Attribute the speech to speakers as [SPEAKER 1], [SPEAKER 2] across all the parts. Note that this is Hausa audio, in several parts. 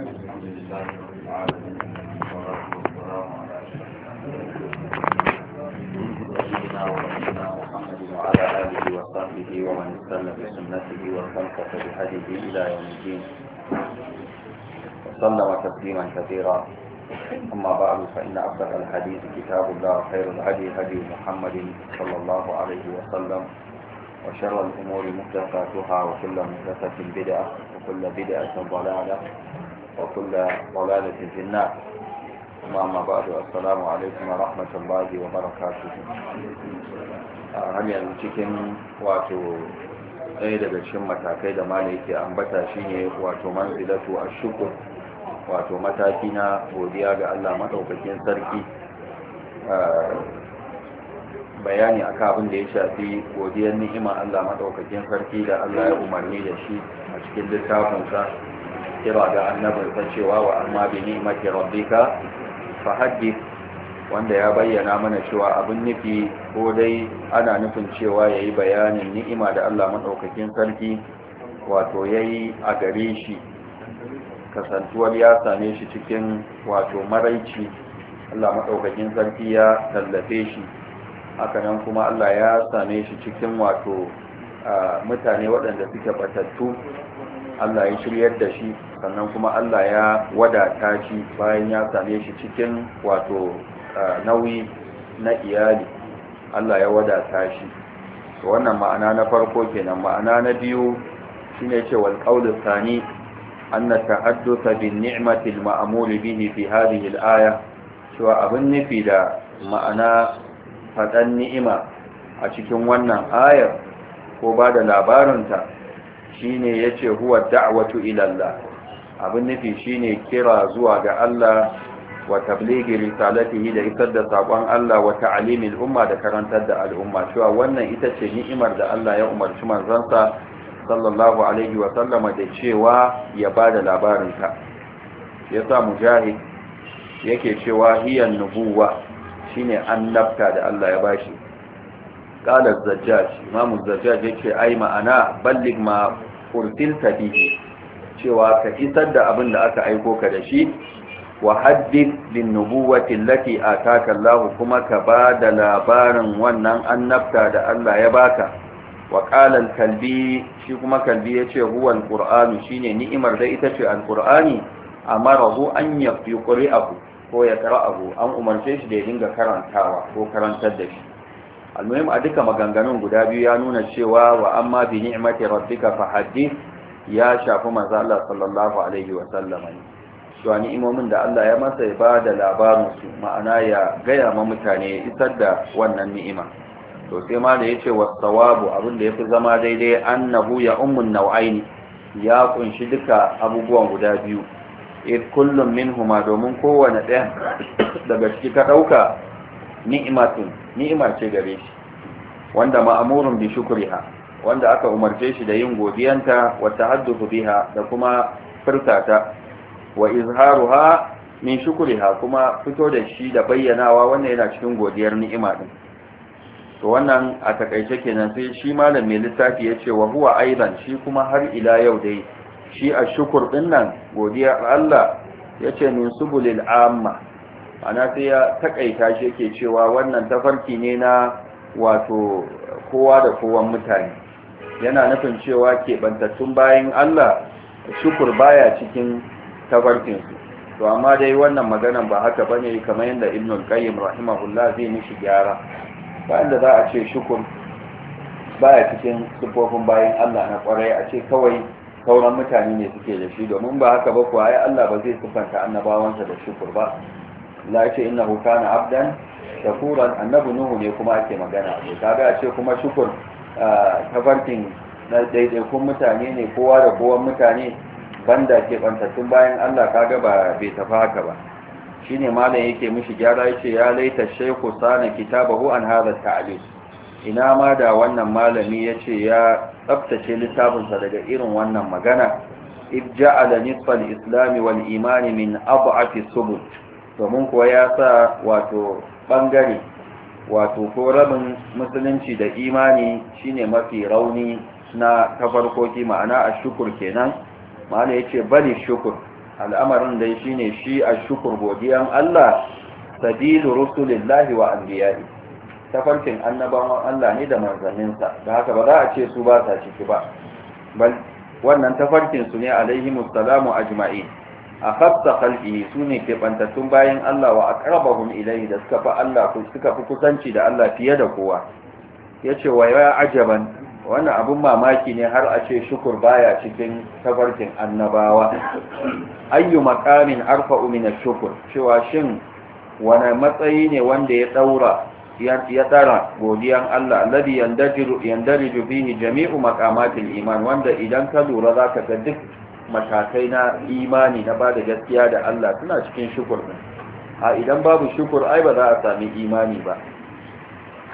[SPEAKER 1] الحمد لله رب العالمين والصلاة والسلام على أشرف ورسولنا محمد وعلى آله وصحبه
[SPEAKER 2] ومن بسنته إلى يوم الدين وسلم تسليما كثيرا أما بعد فإن افضل الحديث كتاب الله خير الهدي هدي محمد صلى الله عليه وسلم وشر الأمور محدثاتها وكل محدثة بدعة وكل بدعة ضلالة وكل ضلالة في النار ثم أما بعد السلام عليكم ورحمة الله وبركاته har yanzu واتو ɗaya daga cikin matakai da mana yake ambata shine wato manzilatu a shukur wato na godiya ga bayani a abin da ya shafi godiyar ni'ima Allah maɗaukakin sarki da Allah ya umarni da shi a cikin littafinsa kira da annabin ta cewa wa amma bi ni'mati rabbika fa haddi wanda ya bayyana mana cewa abin nufi ko dai ana nufin cewa yayi bayanin ni'ima da Allah madaukakin sarki wato yayi a gare shi kasantuwar ya same shi cikin wato maraici Allah maɗaukakin sarki ya tallafe shi hakanan kuma Allah ya same shi cikin wato mutane waɗanda suke batattu Allah ya shiryar da shi sannan kuma Allah ya wadata shi bayan ya same shi cikin wato nauyi na iyali Allah ya wadata shi wannan ma'ana na farko kenan ma'ana na biyu shine cewa wal tsani, anna ta'addusa bin ni'mati al-ma'mul bihi fi hadhihi al-aya cewa abin nufi da ma'ana fadan ni'ima a cikin wannan ayar ko ba da labarinta shine yace huwa da'watu ila Allah abin nufi shine kira zuwa ga Allah wa tablighi risalatihi da isar da sakon Allah wa ta'limil umma da karantar da al'umma cewa wannan ita ce ni'imar da Allah ya umarci manzansa sallallahu alaihi wa sallama da cewa ya bada labarin ta yasa mujahid yake cewa hiyan nubuwa shine annabta da Allah ya bashi qala az-zajjaj imam az-zajjaj yake ai ma'ana balligh ma ursilta bihi cewa ka isar da abin da aka aiko ka da shi wa haddith bin nubuwati lati ataka Allah kuma ka ba da labarin wannan annabta da Allah ya baka wa qala al-kalbi shi kuma kalbi yace huwa al-qur'anu shine ni'imar da ita ce al-qur'ani amarahu an yaqra'ahu ko ya qara'ahu an umarce shi da ya dinga karantawa ko karantar da shi almuhim a duka maganganun guda biyu ya nuna cewa wa amma bi ni'mati rabbika fa hadith ya shafi manzo Allah sallallahu alaihi wa sallam cewa ni'imomin da Allah ya masa ya bada labarin su ma'ana ya gaya ma mutane isar da wannan ni'ima to sai ma da yace was-sawabu abin da yafi zama daidai annahu ya ummun nau'aini ya kunshi duka abubuwan guda biyu id kullum minhuma domin kowanne ɗaya daga ciki ka dauka ni'imatun ni'ima ce gare shi wanda ma'amurun bi shukriha wanda aka umarce shi da yin godiyanta wa tahaddathu biha da kuma furtata wa izharuha min shukriha kuma fito da shi da bayyanawa wannan yana cikin godiyar ni'ima din to wannan a takaice kenan sai shi malam mai littafi ya ce wa huwa aidan shi kuma har ila yau dai shi a shukur din nan godiyar Allah ya min subulil amma ana sai ya takaita shi yake cewa wannan tafarki ne na wato kowa da kowan mutane yana nufin cewa keɓantattun bayan Allah shukur baya cikin tabarkinsu to amma dai wannan maganan ba haka bane kamar yadda ibnul qayyim rahimahullah zai mishi gyara bayan da za a ce shukur baya cikin sufofin bayan Allah na kwarai a ce kawai sauran mutane ne suke da shi domin ba haka ba kuwa ai Allah ba zai sufanta annabawansa da shukur ba la inna innahu kana abdan shakuran annabi nuhu ne kuma ake magana to kaga a ce kuma shukur farkin na daidaikun mutane ne kowa da kowan mutane banda ke bantattun bayan Allah kaga ba bai tafi haka ba shine malam yake mishi gyara yace ya laita shaykhu sana kitabahu an hadha ta'lil ina ma da wannan malami yace ya tsaftace littafinsa daga irin wannan magana ij'ala nisfal islam wal iman min ad'afi subut domin kuwa ya sa wato bangare wato ko rabin musulunci da imani shine mafi rauni na tafarkoki ma'ana a shukur kenan ma'ana ya ce bali shukur al'amarin dai shine shi a shukur godiyan Allah sabilu rusulillahi wa anbiya'i tafarkin annabawan Allah ne da manzanninsa da haka ba za a ce su ba sa ciki ba wannan tafarkinsu ne alaihi musallamu ajma'in a hafta halki su ne keɓantattun bayan Allah wa aqrabahum ilai da suka fi Allah suka fi kusanci da Allah fiye da kowa yace wa ya ajaban wannan abun mamaki ne har a ce shukur baya cikin tabarkin annabawa ayyu maqamin arfa umina shukur cewa shin wani matsayi ne wanda ya daura ya tsara godiyan Allah ladi yandajiru yandariju fihi jami'u maqamatil iman wanda idan ka lura zaka ga duk matakai na imani na bada gaskiya da Allah suna cikin shukur ne. a idan babu shukur ai ba za a sami imani ba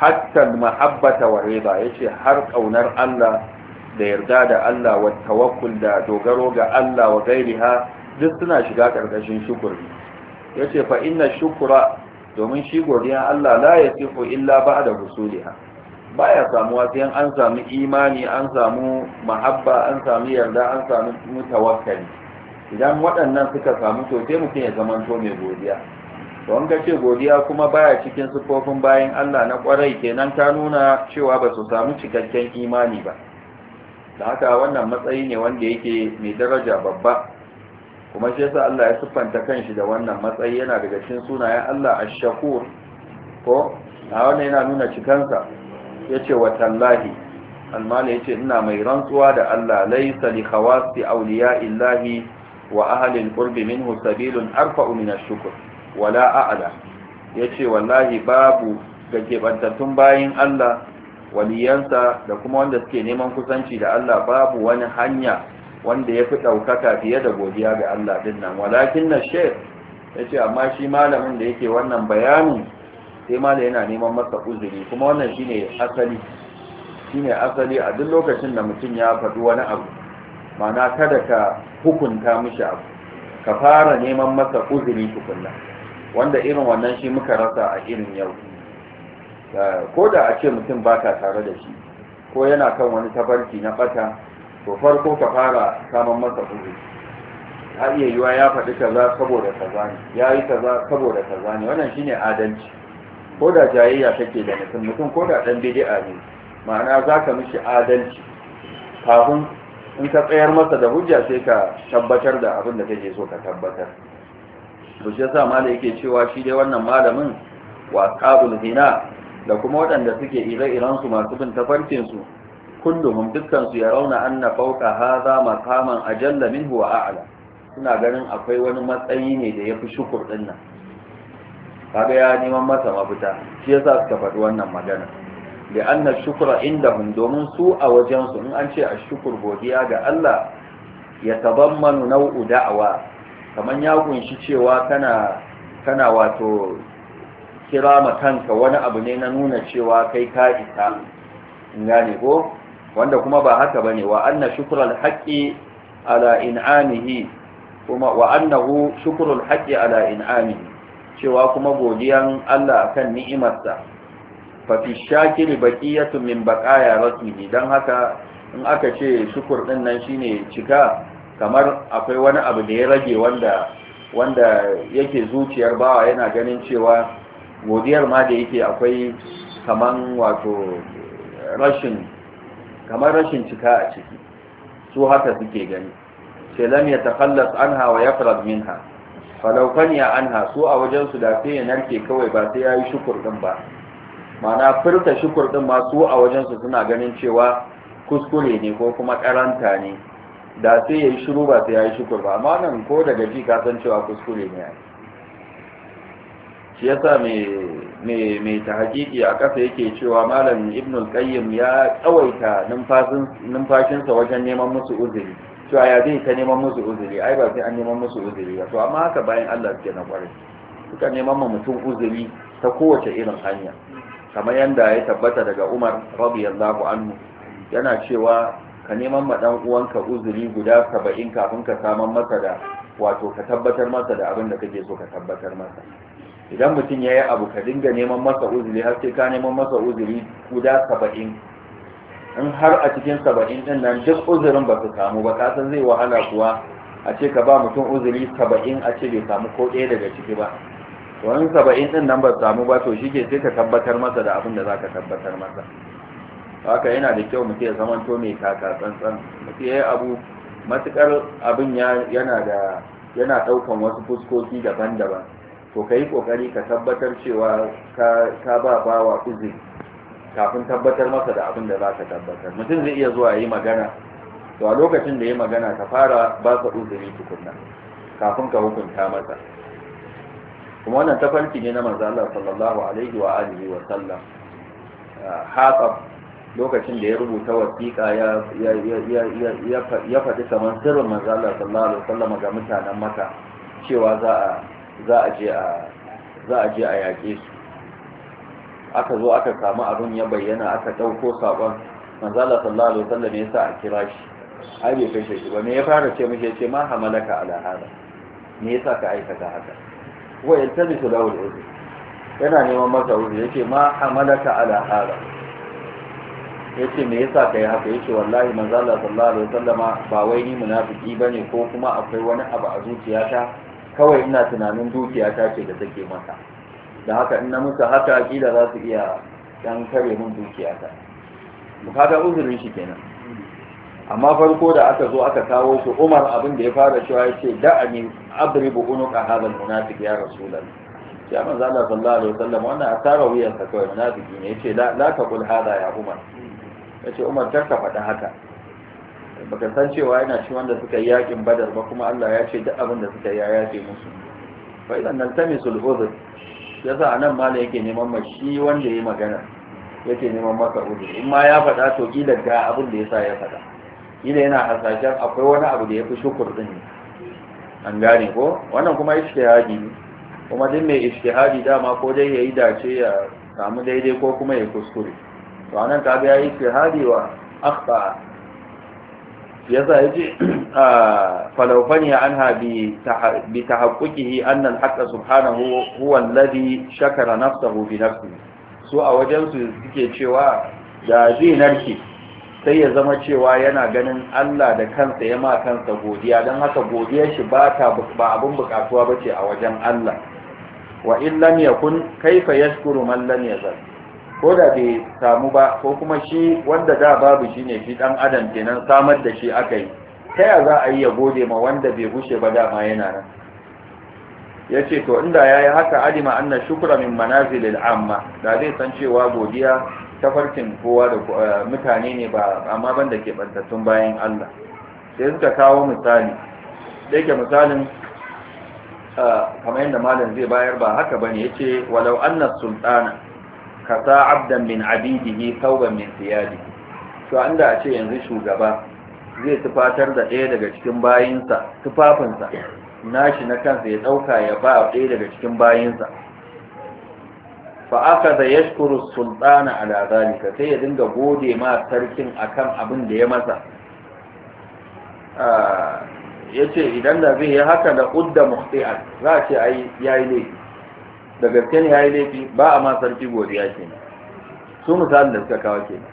[SPEAKER 2] hatta mahabbata wa rida yace har ƙaunar Allah da yarda da Allah wa tawakkul da dogaro ga Allah wa gairiha duk suna shiga karkashin shukur yace fa inna shukura domin shi godiya Allah la yasifu illa da husuliha baya samuwa sai an samu imani an samu mahabba an samu yarda an samu mutawakkali idan waɗannan suka samu to sai mutum ya zamanto mai godiya an ga ce godiya kuma baya cikin sifofin bayan Allah na kwarai kenan ta nuna cewa ba su samu cikakken imani ba da haka wannan matsayi ne wanda yake mai daraja babba kuma shi yasa Allah ya siffanta kanshi da wannan matsayi yana daga cikin sunayen Allah ash-shakur ko a wannan yana nuna cikansa ya ce wa tallahi almala ya ce ina mai rantsuwa da Allah laisa li khawasi awliya illahi wa ahalin qurbi minhu sabilun arfa'u min shukur, wala a'la yace wallahi babu ga kebantattun bayan Allah waliyansa da kuma wanda suke neman kusanci da Allah babu wani hanya wanda ya fi ɗaukaka fiye da godiya ga Allah din nan walakin na shek ya ce amma shi malamin da yake wannan bayanin sai mala yana neman masa uzuri kuma wannan shine asali shine asali a duk lokacin da mutum ya faɗi wani abu mana kada ka hukunta mishi abu ka fara neman masa uzuri tukunna wanda irin wannan shi muka rasa a irin yau ko da a ce mutum ba ka tare da shi ko yana kan wani tafarki na bata to farko ka fara saman masa uzuri har iya yiwa ya faɗi kaza saboda kaza ne ya yi kaza saboda kaza ne wannan shine adalci ko da jayayya take da mutum mutum ko da dan bid'a ne ma'ana zaka mishi adalci kafin in ka tsayar masa da hujja sai ka tabbatar da abin da kake so ka tabbatar to shi malai yake cewa shi dai wannan malamin wa qabul hina da kuma waɗanda suke ire iransu su masu bin tafarkin su kulluhum dukkan su ya rauna anna fawqa hadha maqaman ajalla minhu wa a'la suna ganin akwai wani matsayi ne da yafi shukur dinnan kaga ya neman masa mafita shi yasa suka faɗi wannan magana da anna shukra indahum domin su a wajen su in an ce a shukur godiya ga Allah ya tabammanu nau'u da'awa kaman ya kunshi cewa kana kana wato kira ma kanka wani abu ne na nuna cewa kai ka isa In gane ko wanda kuma ba haka bane wa anna shukral haqqi ala in'amihi kuma wa annahu shukrul haqqi ala in'amihi cewa kuma godiyan Allah akan ni'imarsa fa fi shakiri baqiyatu min baqaya rasmihi dan haka in aka ce shukur din nan shine cika kamar akwai wani abu da ya rage wanda wanda yake zuciyar bawa yana ganin cewa godiyar ma da yake akwai kaman wato rashin kamar rashin cika a ciki su haka suke gani sai lam yatakhallas anha wa yafrad minha falaukaniya an su a wajensu da sai ya narke kawai ba sai ya yi shukur ɗin ba mana furta shukur ɗin ma su a wajensu suna ganin cewa kuskure ne ko kuma karanta ne da sai ya yi shiru ba sai ya yi shukur ba amma nan ko daga ji ka san cewa kuskure ne ya shi me mai ta hakiki a ƙasa yake cewa malam ibnul qayyim ya tsawaita numfashinsa wajen neman musu uzuri to ya zai ta neman musu uzuri ai ba sai an neman musu uzuri ba to amma haka bayan Allah suke na kwarai suka neman ma mutum uzuri ta kowace irin hanya kamar yanda ya tabbata daga Umar radiyallahu anhu yana cewa ka neman ma dan uwanka uzuri guda 70 kafin ka saman masa da wato ka tabbatar masa da abin da kake so ka tabbatar masa idan mutum yayi abu ka dinga neman masa uzuri har sai ka neman masa uzuri guda 70 in har a cikin saba'in ɗin nan duk uzurin ba su samu ba kasan zai wahala kuwa a ce ka ba mutum uzuri saba'in a ce bai samu ko ɗaya daga ciki ba to in saba'in ɗin nan ba su samu ba to shi ke sai ka tabbatar masa da abin da za ka tabbatar masa haka yana da kyau mutum ya zamanto mai kaka tsantsan mutum ya yi abu matuƙar abin yana da yana ɗaukan wasu fuskoki daban-daban to ka yi ƙoƙari ka tabbatar cewa ka ba bawa uzuri kafin tabbatar masa da abin da za ka tabbatar mutum zai iya zuwa yi magana to a lokacin da ya magana ka fara ba ka uzuri tukunna kafin ka hukunta masa kuma wannan tafarki ne na manzo Allah sallallahu alaihi wa alihi wa sallam hatab lokacin da ya rubuta wasiƙa ya faɗi saman sirrin manzo Allah sallallahu alaihi wa sallam ga mutanen Makka cewa za a je a yaƙe su aka zo aka samu abin ya bayyana aka ɗauko saƙon manzala sallallahu alaihi wasallam ya sa a kira shi ai bai kashe shi ba me ya fara ce mishi ce ma hamalaka ala hada me yasa ka aikata haka wa yaltabisu lahu al-udhr yana neman masa udhr yace ma hamalaka ala hada yace me yasa ka yi haka yace wallahi manzala sallallahu alaihi wasallama ba wai ni munafiki bane ko kuma akwai wani abu a zuciyata kawai ina tunanin dukiya ta ce da take mata da haka in na musu haka kila za su iya dan kare mun dukiya ta kaga uzurin shi kenan amma farko da aka zo aka kawo su. Umar abin da ya fara cewa yace da ani abribu unuqa hadal munafiq ya rasulullah ya manzo Allah sallallahu alaihi wasallam wannan asara wuyan sa kawai munafiki ne Ya ce la ka taqul hada ya Umar Ya ce Umar ta ka faɗa haka baka san cewa yana ci wanda suka yi yaƙin Badar ba kuma Allah ya ce duk abin da suka yi ya yafe musu fa idan naltamisul udhr shi yasa anan da yake neman ma shi wanda yi magana yake neman maka uzuri in ma ya faɗa to kila ga abin da ya sa ya faɗa ƙila yana hasashen akwai wani abu da ya fi shukur ɗin ne an gane ko wannan kuma ishtihadi ne kuma duk mai ishtihadi dama ko dai ya yi dace ya samu daidai ko kuma ya kuskure to anan kaga yayi ishtihadi wa akhta yasa yace a ah, Falawfani anha bi tahaqquqihi anna al-haqqa subhanahu huwa alladhi shakara nafsahu bi nafsihi so a wajen su suke cewa da zai narke sai ya zama cewa yana ganin Allah da kansa ya ma kansa godiya don haka godiyar shi ba ta ba abin bukatuwa bace a wajen Allah wa in lam yakun kaifa yashkuru man lam ko da bai samu ba ko kuma shi wanda da babu shi ne shi dan adam kenan samar da shi aka yi ta ya za a yi ya gode ma wanda bai gushe ba dama yana nan ya to inda ya yi haka alima anna shukura min manazilil amma da zai san cewa godiya ta farkin kowa da eh, mutane ne ba amma banda ke bantattun bayan Allah sai suka kawo misali da yake misalin eh, kamar yadda malam zai bayar ba haka bane yace walau anna sultana Kasa abdan min abidihi sauban min siyadi to a ce yanzu shugaba zai tufatar da ɗaya daga cikin bayinsa tufafinsa nashi na kansa ya ɗauka ya ba ɗaya daga cikin bayinsa fa aka da ya shukuru sultana ala zalika sai ya dinga gode ma sarkin akan abin da ya masa ah, ya ce idan da zai yi haka da udda muhti'an za a ce ai yayi laifi da gaske ne yayi laifi ba a ma sarki godiya kenan su misalin da suka kawo kenan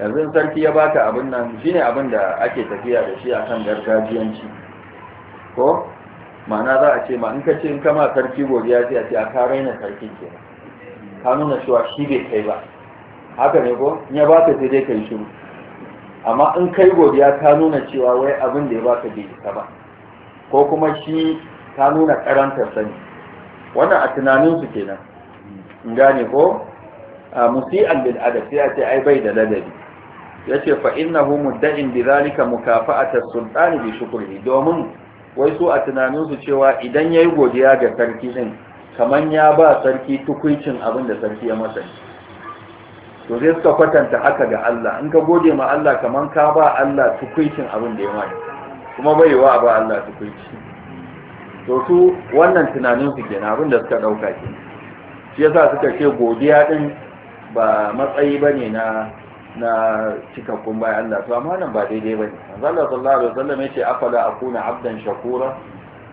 [SPEAKER 2] yanzu sarki ya baka abin nan shine abin da ake tafiya da shi akan gargajiyanci ko ma'ana za a ce ma in ka ce in kama sarki godiya sai a ce a ka raina sarkin kenan ka nuna cewa shi bai kai ba haka ne ko in ya baka sai dai kai shiru amma in kai godiya ka nuna cewa wai abin da ya baka bai ka ba ko kuma shi ka nuna karantar sani wannan a tunaninsu kenan in gane ko a musi'an bil adab a ce ai bai da ladabi yace fa innahu mudda'in bi zalika mukafa'at as-sultani bi shukrihi domin wai su a tunaninsu cewa idan yayi godiya ga sarki din kaman ya ba sarki tukuicin abin da sarki ya masa to zai suka kwatanta haka ga Allah in ka gode ma Allah kaman ka ba Allah tukuicin abin da ya mai kuma bai wa ba Allah tukuici to su wannan tunanin su kenan abin da suka dauka ke shi yasa suka ce godiya din ba matsayi bane na na cikakkun bayan Allah to amma nan ba daidai bane Allah sallallahu alaihi wasallam yace afala akuna abdan shakura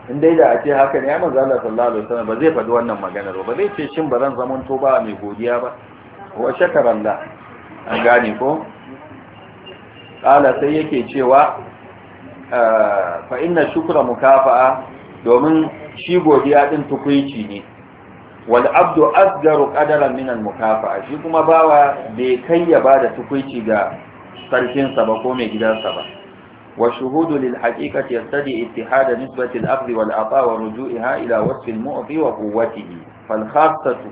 [SPEAKER 2] in dai da ake haka ne ya manzo Allah sallallahu alaihi wasallam ba zai faɗi wannan magana ba zai ce shin ba zan zaman to ba mai godiya ba wa shakaran da an gane ko qala sai yake cewa fa inna shukra mukafa'a domin shi godiya din tukuici ne wal abdu asgaru qadaran min al mukafa'a shi kuma bawa bai kai ya bada tukuici ga sarkin sa ba ko mai gidansa ba wa shuhudu lil haqiqati yastadi ittihada nisbati al aqdi wal ata wa ruju'iha ila wasfi al mu'ti wa quwwatihi fal khassatu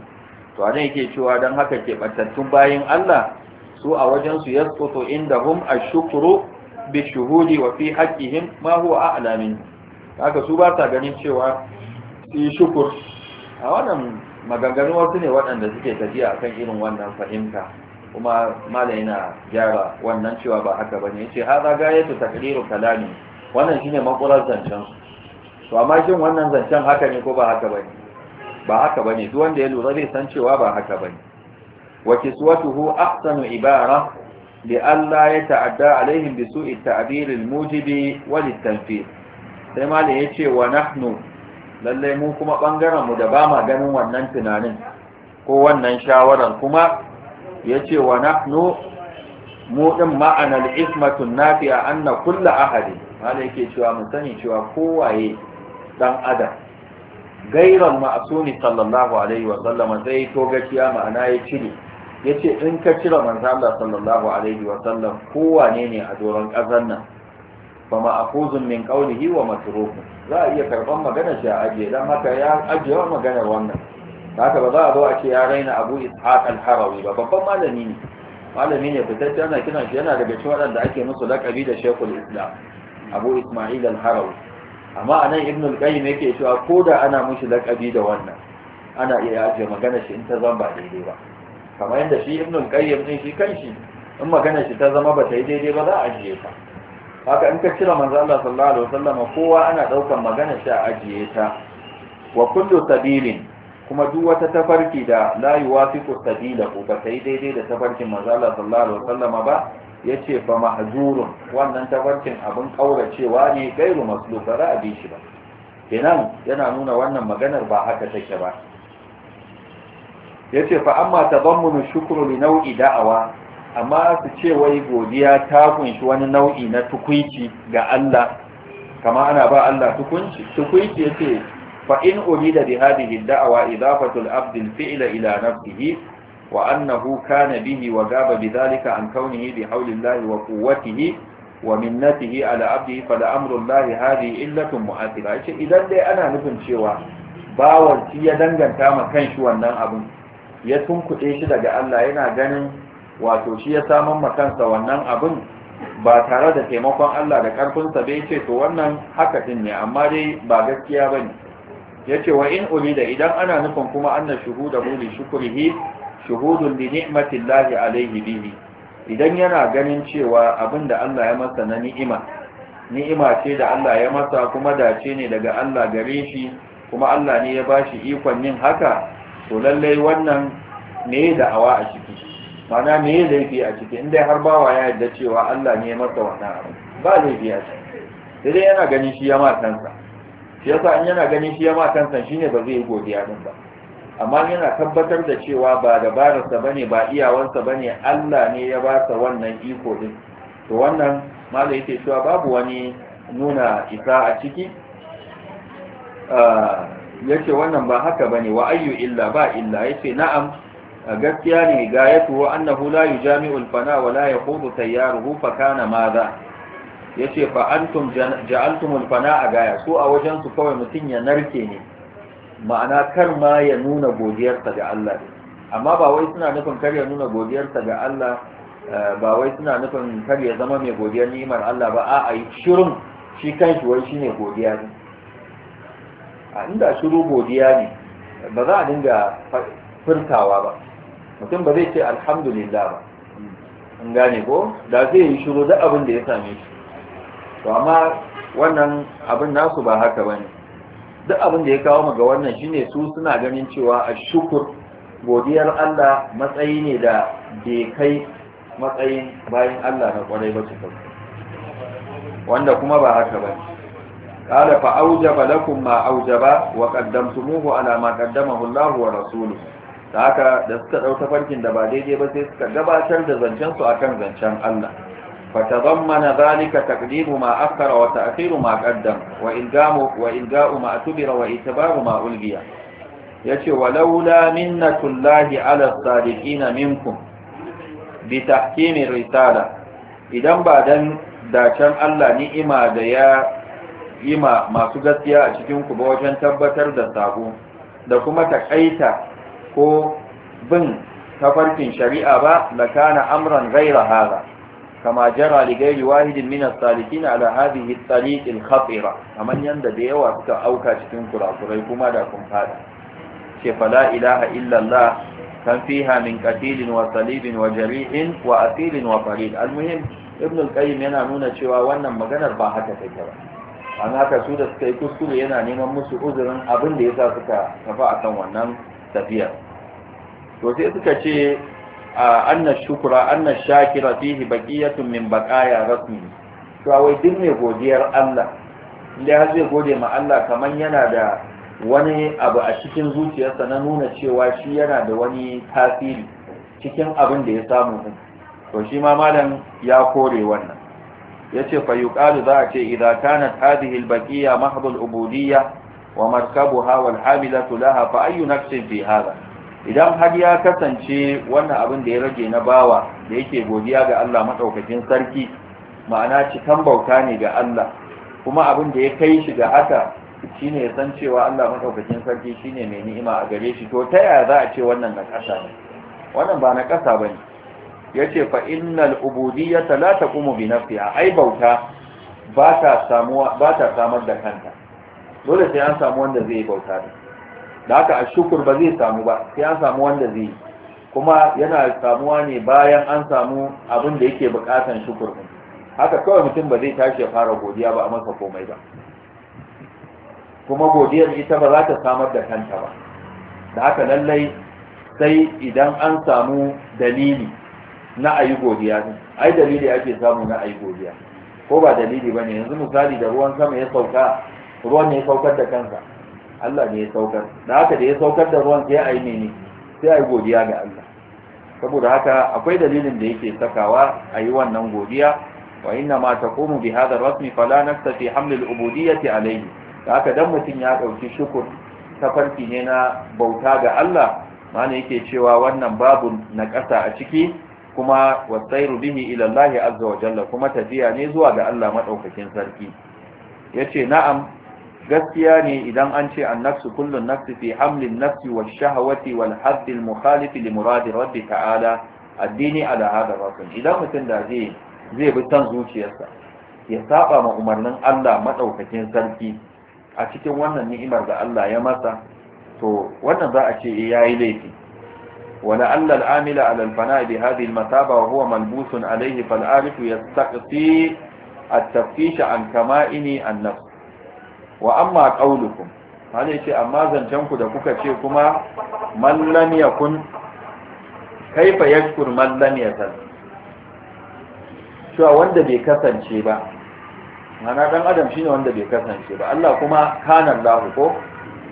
[SPEAKER 2] to anan yake cewa dan haka ke batattun bayin Allah su a wajen su yasqutu indahum ash-shukru bi shuhudi wa fi haqqihim ma huwa a'la minhu haka su ba ta ganin cewa su yi shukur a wannan maganganu wasu ne waɗanda suke tafiya a kan irin wannan fahimta kuma mala yana gyara wannan cewa ba haka bane yace hada gayatu takriru kalami wannan shine makurar zancen to amma shin wannan zancen haka ne ko ba haka bane ba haka bane duk wanda ya lura zai san cewa ba haka bane wa kiswatuhu ahsanu ibara li alla yata'adda alaihim bi su'i at-ta'bir al-mujibi wal tanfir sai malin ya ce wa nahnu lallai mu kuma ɓangaren mu da ba ma ganin wannan tunanin ko wannan shawaran kuma ya ce wa nahnu mu ɗin ma'anar ismatun nafiya an na kulla ahadi malam yake cewa mun sani cewa kowaye ɗan adam gairan ma'asuni sallallahu alaihi wa sallama zai to gaciya ma'ana ya cire ya ce in ka cire manzan Allah sallallahu alaihi wa sallam kowane ne a doron ƙasar nan fa ma'khuzun min qawlihi wa matrukun za a iya karban magana shi a ajiye dan haka ya ajiye maganar wannan haka ba za a zo a ce ya raina Abu Ishaq al-Harawi ba babban malami ne malami ne fitacce ana kiran shi yana daga cikin waɗanda ake musu lakabi da Sheikhul Islam Abu Isma'il al-Harawi amma anan Ibn al-Qayyim yake cewa koda ana mushi lakabi da wannan ana iya ajiye magana shi in ta zama ba daidai ba kamar yadda shi Ibn al-Qayyim ne shi kanshi in magana shi ta zama ba ta yi daidai ba za a ajiye ta haka in ka cire manzo Allah sallallahu alaihi wasallam kowa ana daukan magana shi a ajiye ta wa kullu sabilin kuma duk wata tafarki da la yuwafiqu sabila ko ba sai daidai da tafarkin manzo Allah sallallahu alaihi wasallam ba yace fa mahzurun wannan tafarkin abin cewa ne gairu maslu fara abin shi ba kenan yana nuna wannan maganar ba haka take ba yace fa amma tabammunu shukru li nau'i da'awa amma su ce wai godiya ta kunshi wani nau'i na tukuici ga Allah kama ana ba Allah tukunci tukuici yace fa in urida bi hadhihi dawa idafatu al-abd fila ila nafsihi wa annahu kana bihi wa gaba bidhalika an kaunihi bi hawli Allah wa quwwatihi wa minnatihi ala fa la amru Allah hadhihi illatun mu'athira yace idan dai ana nufin cewa bawanci ya danganta ma kanshi wannan abun ya tunkuɗe shi daga Allah yana ganin wato shi ya samun makansa wannan abin ba tare da taimakon Allah da ƙarfinsa bai ce to wannan haka din ne amma dai ba gaskiya ba ne ya ce wa in da idan ana nufin kuma an na da muli shukurihi shuhudun li ni'matin lahi alaihi bihi idan yana ganin cewa abin da Allah ya masa na ni'ima ni'ima ce da Allah ya masa kuma dace ne daga Allah gare shi kuma Allah ne ya bashi ikon yin haka to lallai wannan ne da awa a shi mana me ya laifi a ciki inda har bawa ya yarda cewa Allah ne ya masa wannan abu ba laifi a ciki sai dai yana ganin shi ya ma kansa shi yasa in yana ganin shi ya ma kansa shine ba zai yi godiya din ba amma yana tabbatar da cewa ba dabararsa bane ba iyawarsa bane Allah ne ya ba sa wannan iko din to wannan mala yake cewa babu wani nuna isa a ciki ah, yace wannan ba haka bane wa ayyu illa ba illa ce na'am gaskiya ne ga ya tuwo annahu la yujami'ul fana wa la yaqudu tayyaruhu fa kana madha yace fa antum ja'altumul fana a gaya so a wajensu kawai mutum ya narke ne ma'ana kar ma ya nuna godiyarsa ga Allah amma ba wai suna nufin kar ya nuna godiyarsa ga Allah eh, ba wai suna nufin kar ya zama mai godiyar ni'imar Allah ba a'a shirin shi kanshi wai shine godiya ne a inda shiru godiya ne ba za a dinga furtawa ba mutum ba zai ce alhamdulillah ba an gane ko da zai yi shiru da abin da ya same shi to amma wannan abin nasu ba haka ba ne duk abin da ya kawo ga wannan shine su suna ganin cewa a shukur godiyar Allah matsayi ne da bai kai matsayin bayan Allah na kwarai ba cikin wanda kuma ba haka ba قال فأوجب ba wa أوجب ala ma ما قدمه wa rasuluhu. Da aka da suka ɗauta farkin da ba daidai ba sai suka gabatar da zancensu a kan zancen Allah fatazan mana zalika taqdimu ma akara wa ta'khiru ma qaddam wa ingamu wa inga'u ma atbira wa itbaru ma ulghiya yace walaula minnatul lahi ala sadiqin minkum bi risala idan ba dan dacen Allah ni'ima da ya yi ma masu gaskiya a cikin ku ba wajen tabbatar da sako da kuma taƙaita. ko bin tafarkin shari'a ba lakana amran ghaira hadha kama jara li ghairi wahidin min as-salikin ala hadhihi at-tariq al-khatira kaman yanda da yawa suka auka cikin kurakurai kuma da kun fada ce fala ilaha illa Allah kan fiha min qatilin wa salibin wa jarihin wa asirin wa farid al ibn al-qayyim yana nuna cewa wannan maganar ba haka take ba an haka su da suka yi kuskure yana neman musu uzurin abin da yasa suka tafi akan wannan tafiyar to sai suka ce a anna shukura anna shakira fihi baqiyatun min baqaya rasmi to wai duk ne godiyar Allah inda har zai gode ma Allah kaman yana da wani abu a cikin zuciyarsa na nuna cewa shi yana da wani tasiri cikin abin da ya samu din to shi ma malam ya kore wannan yace fa yuqalu za a ce idza kanat hadhihi al-baqiyya mahdhu ubudiyya wa markabuha wal hamilatu laha fa ayyu nafsin fi hadha idan har ya kasance wannan abin da ya rage na bawa da yake godiya ga Allah maɗaukakin sarki ma'ana cikan bauta ne ga Allah kuma abin da ya kai shi ga haka shine ya san cewa Allah maɗaukakin sarki shine mai ni'ima a gare shi to ta yaya za a ce wannan na ƙasa ne wannan ba na ƙasa ba ne ya ce fa innal ubudiyyata la taqumu bi nafsiha ai bauta ba ta samuwa ba ta samar da kanta dole sai an samu wanda zai bauta da da haka a shukur ba zai samu ba sai an samu wanda zai kuma yana samuwa ne bayan an samu abin da yake bukatan shukur din haka kawai mutum ba zai tashi ya fara godiya ba a masa komai ba kuma godiyar ita ba za ta samar da kanta ba da haka lallai sai idan an samu dalili na ayi godiya ne ai dalili ake samu na ayi godiya ko ba dalili ba ne? yanzu misali da ruwan sama ya sauka ruwan ne ya saukar da kansa Allah ne ya saukar da haka da ya saukar da ruwan sai a yi mene sai a yi godiya ga Allah saboda haka akwai dalilin da yake sakawa a yi wannan godiya wa inna ma taqumu bi hada rasmi fala nafsa fi haml ubudiyyati alayhi da haka dan mutum ya dauki shukur farki ne na bauta ga Allah mana yake cewa wannan babu na ƙasa a ciki kuma wasairu bihi ila Allah azza wa jalla kuma tafiya ne zuwa ga Allah madaukakin sarki yace na'am gaskiya ne idan an ce annafsu kullun nafsi fi hamlin nafsi wa shahawati wal haddi al mukhalif li muradi rabbi ta'ala addini ala hada rasul idan mutum da zai zai bi san zuciyarsa ya saba ma umarnin Allah madaukakin sarki a cikin wannan ni'imar da Allah ya masa to wannan za a ce eh, yayi laifi ولعل العامل على الفناء بهذه المثابة وهو ملبوس عليه فالعارف يستقصي التفتيش عن كمائن النفس wa amma qaulukum hali ce amma zancen ku da kuka ce kuma man lam yakun kaifa yashkur man lam yasal cewa wanda bai kasance ba mana dan adam shine wanda bai kasance ba Allah kuma kana Allah ko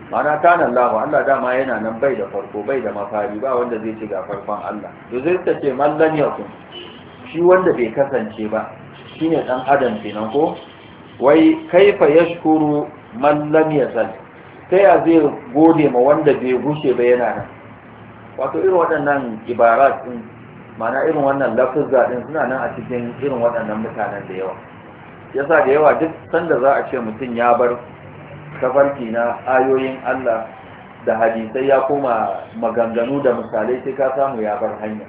[SPEAKER 2] mana kana Allah Allah dama yana nan bai da farko bai da mafari ba wanda zai ce ga farkon Allah to zai tace man lam yakun shi wanda bai kasance ba shine dan adam kenan ko wai kaifa shukuru man lam San. ta ya zai gode ma wanda bai gushe ba yana nan wato irin waɗannan ibarat ɗin mana irin wannan lafuzza zaɗin suna nan a cikin irin waɗannan mutanen da yawa yasa da yawa duk sanda za a ce mutum ya bar kafarki na ayoyin Allah da hadisai ya koma maganganu da misalai sai ka samu ya bar hanya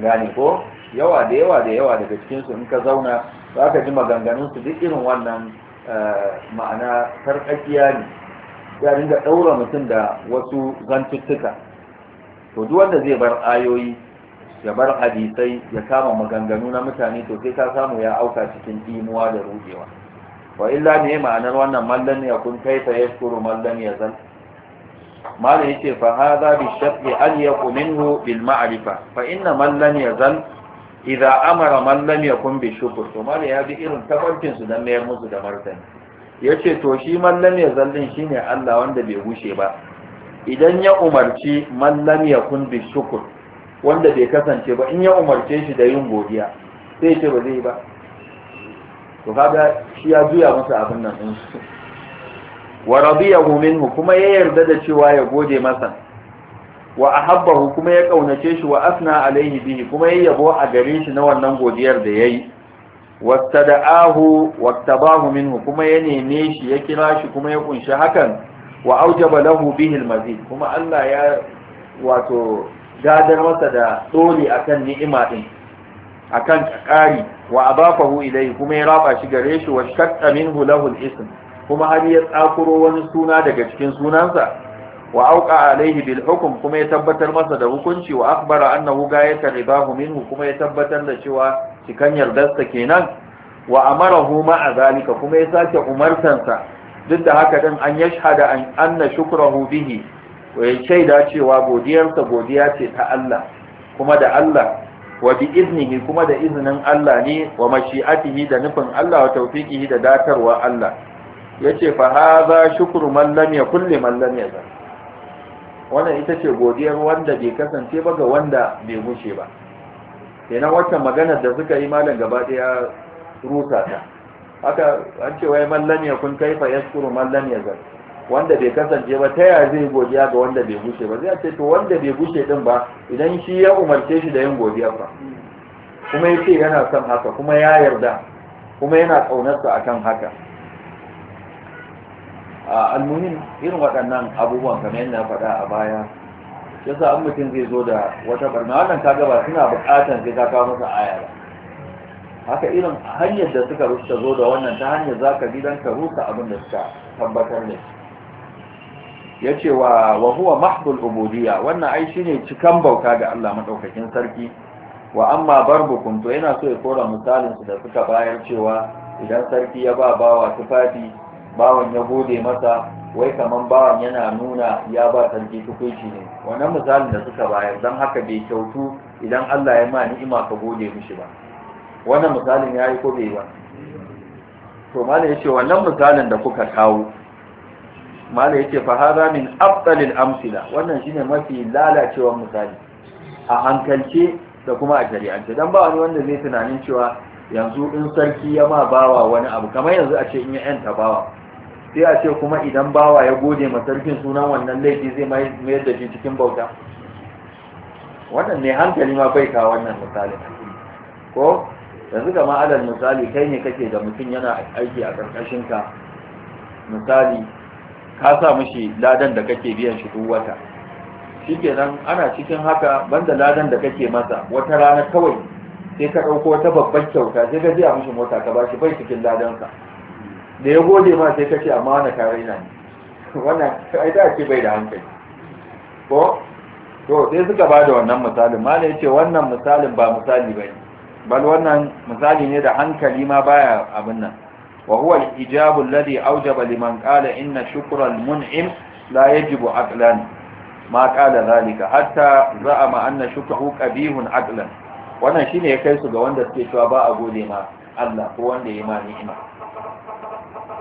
[SPEAKER 2] gane ko yawa da yawa da yawa daga cikinsu in ka zauna za ka ji maganganun su duk irin wannan eh, ma'ana sarƙaƙiya ne ya ɗaura mutum da wasu zantuttuka to duk wanda zai bar ayoyi ya bar hadisai ya kama maganganu na mutane to sai ka samu ya auka cikin imuwa da rudewa wa illa ne ma'anar wannan mallan ya kun kai ta yashkuru mallan ya zan mallan yace fa hadha bi shafi an yaqu minhu bil ma'rifa fa inna mallan ya zan idza amara man lam yakun bi shukr to mali ya bi irin tabarkin su dan mayar musu da martani yace to shi man lam zallin shine Allah wanda bai gushe ba idan ya umarci man lam yakun bi shukr wanda bai kasance ba in ya umarce shi da yin godiya sai ce ba zai ba to kaga shi ya juya masa abin nan din wa rabiyahu minhu kuma ya yarda da cewa ya gode masa wa ahabbahu kuma ya kaunace shi wa asna alaihi bihi kuma ya yabo a gare shi na wannan godiyar da yayi wastada'ahu waktabahu minhu kuma ya neme shi ya kira shi kuma ya kunshi hakan wa aujaba lahu bihi almazid kuma Allah ya wato gadar masa da tsoli akan ni'ima din akan kari wa abafahu ilayhi kuma ya raba shi gare shi wa shaqqa minhu lahu alism kuma har ya tsakuro wani suna daga cikin sunansa wa auka alaihi bil kuma ya tabbatar masa da hukunci wa akhbara annahu gayata ribahu minhu kuma ya tabbatar da cewa cikan yardarsa kenan wa amarahu ma'a zalika kuma ya sake umartansa duk da haka din an yashhada an anna shukrahu bihi wa ya shaida cewa godiyarsa godiya ce ta Allah kuma da Allah wa bi iznihi kuma da iznin Allah ne wa mashi'atihi da nufin Allah wa tawfiqihi da datarwa Allah yace fa hadha shukru man lam yakul liman lam yazal wannan ita ce godiyar wanda bai kasance ba ga wanda bai mushe ba kenan wacce maganar da suka yi malam gaba daya rusa ta haka an ce wai mallam ya kun kaifa yashkuru mallam ya zai wanda bai kasance ba ta yaya zai godiya ga wanda bai gushe ba zai ce to wanda bai gushe din ba idan shi ya umarce shi da yin godiya ba kuma yace yana son haka kuma ya yarda kuma yana kaunarsa akan haka A almuhim irin waɗannan abubuwan kamar yadda na faɗa a baya yasa an mutum zai zo da wata barna wannan ta gaba suna buƙatar sai ta kawo masa aya ba haka irin hanyar da suka rusa zo da wannan ta hanyar za ka gidan ka rusa abin da suka tabbatar ne ya ce wa huwa mahbul ubudiyya wannan ai ne cikan bauta ga Allah maɗaukakin sarki wa amma barbukum to yana so ya kora misalin su da suka bayar cewa idan sarki ya ba bawa tufafi bawan ya gode masa wai kaman bawan yana nuna ya ba sarki tukunci ne wannan misalin da suka bayar don haka bai kyautu idan Allah ya ma ni'ima ka gode mishi ba wannan misalin ya yi ko ba to malam ya ce wannan misalin da kuka kawo malam ya ce fahara min afdalil amsila wannan shine mafi lalacewar misali a hankalce da kuma a shari'ance dan ba wani wanda zai tunanin cewa yanzu in sarki ya ma bawa wani abu kamar yanzu a ce in ya yanta bawa sai a ce kuma idan bawa ya gode ma sarkin sunan wannan laifi zai mayar da shi cikin bauta wannan ne hankali ma bai ka wannan misali ko yanzu ga ma'adar misali kai ne kake da mutum yana aiki a karkashin ka misali ka sa mishi ladan da kake biyan shi duk wata Shi kenan ana cikin haka banda ladan da kake masa wata rana kawai sai ka ɗauko wata babbar kyauta sai ka biya mishi mota ka bashi bai cikin Ladan ladansa da ya gode ma sai kace amma wani ka raina ne wannan ai da ake bai da hankali ko to sai suka ba da wannan misalin malai yace wannan misalin ba misali ne. bal wannan misali ne da hankali ma baya abin nan wa huwa al-ijabu alladhi awjaba liman qala inna shukra al-mun'im la yajibu aqlan ma qala zalika hatta za'ama anna shukrahu qabihun aqlan wannan shine ya kai su ga wanda suke cewa ba a gode ma Allah ko wanda ya yi ma ni'ima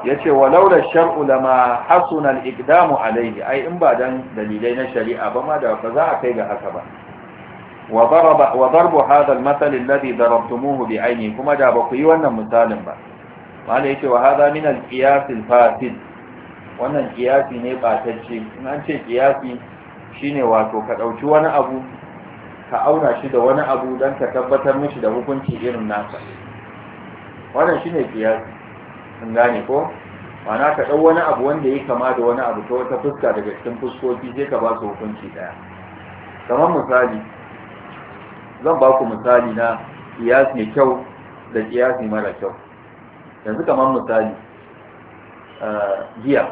[SPEAKER 2] wa walaula shar'u lama hasuna al-iqdamu alaihi. ai in ba don dalilai na shari'a ba ma da ba za a kai ga haka ba wa daraba wa darbu hadha al-mathal bi ayni kuma da ba ku yi wannan misalin ba mala yace wa hadha min al fasid wannan qiyasi ne batacce in an ce shi ne wato ka ɗauki wani abu ka auna shi da wani abu dan ka tabbatar mishi da hukunci irin nasa wannan ne qiyasi sun gane ko mana ka ɗau wani abu wanda ya kama da wani abu ta wata fuska daga cikin fuskoki sai ka ba su hukunci ɗaya kamar misali zan ba ku misali na kiyas mai kyau da kiyas mai mara kyau yanzu kamar misali giya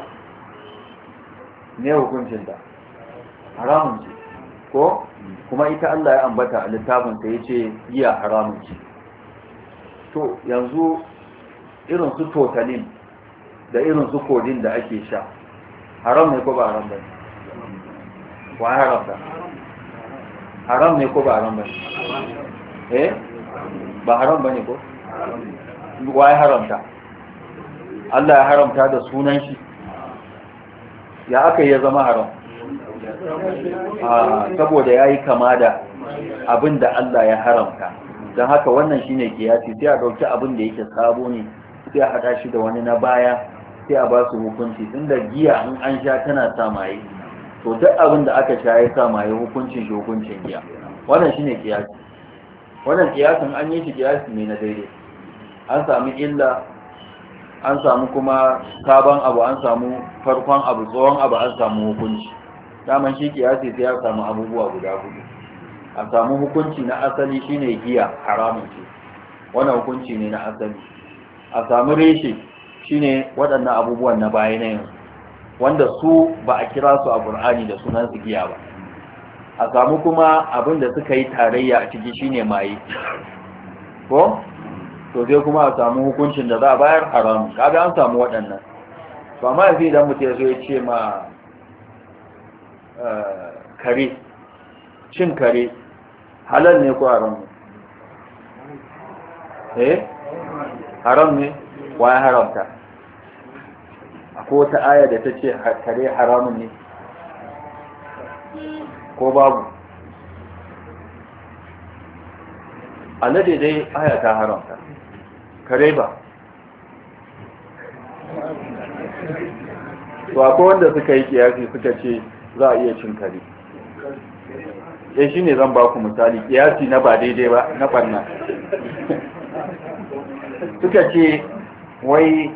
[SPEAKER 2] ne hukuncin da haramun ce ko kuma ita Allah ya ambata a littafinta ya ce giya haramun ce to yanzu irin su totalin da irin su kodin da ake sha haram ne ko ba haram ba wa haram ba haram ne ko ba haram ba eh ba haram ba ne ko wa ya haramta Allah ya haramta da sunan shi ya aka ya zama haram
[SPEAKER 1] ah, saboda ya yi
[SPEAKER 2] kama da abin da Allah ya haramta don haka wannan shine kiyasi sai a ɗauki abin da yake sabo ne sai a haɗa shi da wani na baya sai a ba su hukunci inda giya in an sha tana sa maye to duk abin da aka sha ya sa maye hukuncin shi hukuncin giya wannan shine kiyasi wannan kiyasin an yi shi kiyasi ne na daidai an samu illa an samu kuma sabon abu an samu farkon abu tsohon abu an samu hukunci daman shi kiyasi sai a samu abubuwa guda hudu a samu hukunci na asali shine giya haramun ce wannan hukunci ne na asali a samu reshe shine waɗannan abubuwan na baya na yanzu wanda su ba a kira su a ƙur'ani da sunan giya ba a samu kuma abin da suka yi tarayya a ciki shine maye ko to sai kuma a samu hukuncin da za a bayar haramun kaga an samu waɗannan to amma yanzu idan mutu ya zo ya ce ma eh, kare cin kare halal ne ko haramun eh haram ne wa ya haramta akwai wata aya da ta ce kare haramun ne ko babu alade dai aya ta haramta kare ba ba ko wanda suka yi kiyasi suka ce za a iya cin kare ya eh, shi ne zan ba ku misali kiyasi na ba daidai ba na ɓanna suka ce wai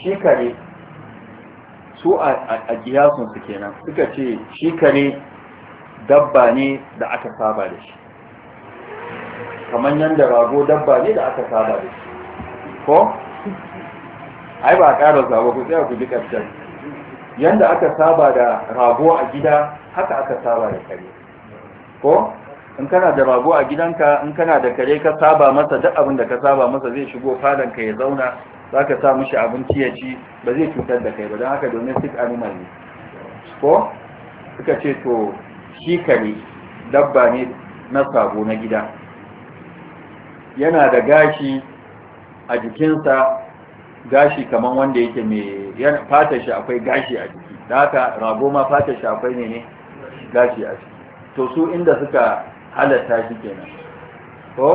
[SPEAKER 2] shi kare su a su kenan suka ce shi kare dabba ne da aka saba da shi kamar yadda rago dabba ne da aka saba da shi ko? ai ba a kara zaba ku tsaye ku ji ƙarshen yadda aka saba da rago a gida haka aka saba da kare ko? in kana da rago a gidanka in kana da kare ka saba masa duk abin da ka saba masa zai shigo fadan ka ya zauna za ka sa mishi abinci ya ci ba zai cutar da kai ba don haka domestic animal ne ko suka ce to shi kare dabba ne na sabo na gida yana da gashi a jikinsa gashi kamar wanda yake mai fatar shi akwai gashi a jiki da haka rago ma fatar shi akwai ne ne gashi a jiki to su inda suka halatta shi kenan ko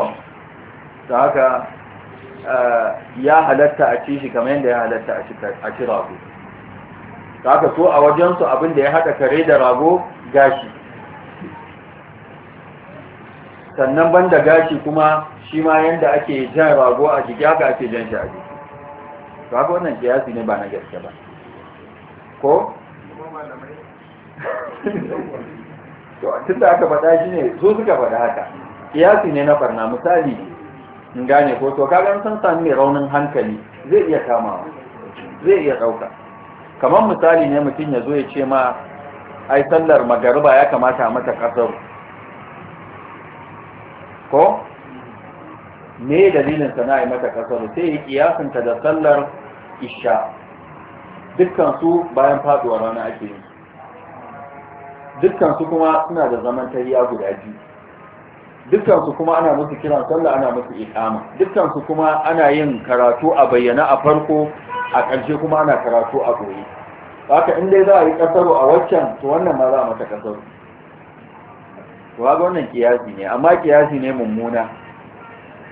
[SPEAKER 2] ta haka eh, ya halatta a cikin shi kamar yadda ya halatta a ci rago ta haka so a wajensu abin da ya haɗa kare da rago gashi sannan banda gashi kuma shi ma yadda ake jan rago a jiki haka ake jan shi a jiki to haka wannan kiyasi ne ba na gaske ba ko? tun da aka faɗa shi ne su suka faɗa haka kiyasi ne na barna misali in gane ko to kaga san sami mai raunin hankali zai iya kamawa zai iya ɗauka kamar misali ne mutum ya zo ya ce ma ai sallar magariba ya kamata a mata ƙasar ko me dalilin sana yi mata ƙasar sai ya kiyasinta da sallar isha dukkan su bayan faduwar rana ake yi dukkan su kuma suna da zaman tariya guda biyu dukkan su kuma ana musu kiran sallah ana musu iqama dukkan su kuma ana yin karatu a bayyana a farko a ƙarshe kuma ana karatu a goyi haka in dai za a yi kasaro a waccan to wannan ma za a mata kasaro to haka wannan kiyasi ne amma kiyasi ne mummuna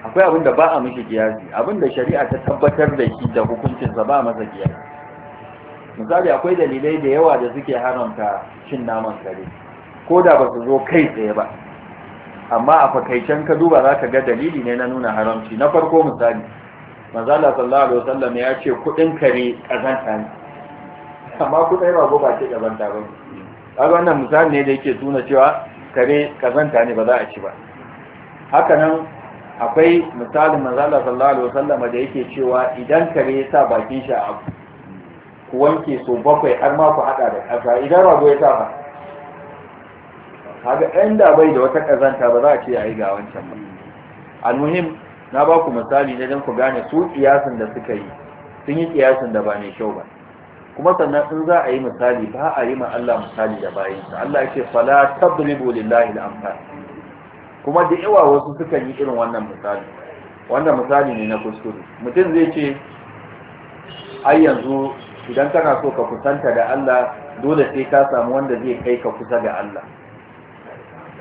[SPEAKER 2] akwai abin da ba a mishi kiyasi abin da shari'a ta tabbatar da shi da hukuncinsa ba a masa kiyasi misali akwai dalilai da yawa da suke haramta cin naman kare ko da ba su zo kai tsaye ba amma a fakaicen ka duba za ka ga dalili ne na nuna haramci na farko misali mazala sallallahu alaihi wasallam ya ce kudin kare kazanta ne amma kudin rago ba ce kazanta ba kaga wannan misali ne da yake tuna cewa kare kazanta ne ba za a ci ba haka nan akwai misalin manzala sallallahu alaihi wasallam da yake cewa idan kare ya sa bakin shi a abu ku wanke su bakwai har ma ku haɗa da ƙasa idan rago ya saba kaga ɗan da bai da wata ƙazanta ba za a ce a yi ga wancan ba almuhim na ba ku misali ne don ku gane su kiyasin da suka yi sun yi kiyasin da ba mai kyau ba kuma sannan in za a yi misali ba a yi ma Allah misali da bayan sa Allah yake fala tadribu lillahi al-amsal kuma da yawa wasu suka yi irin wannan misali wannan misali ne na kuskure mutum zai ce ai yanzu idan kana so ka kusanta da Allah dole sai ka samu wanda zai kai ka kusa da Allah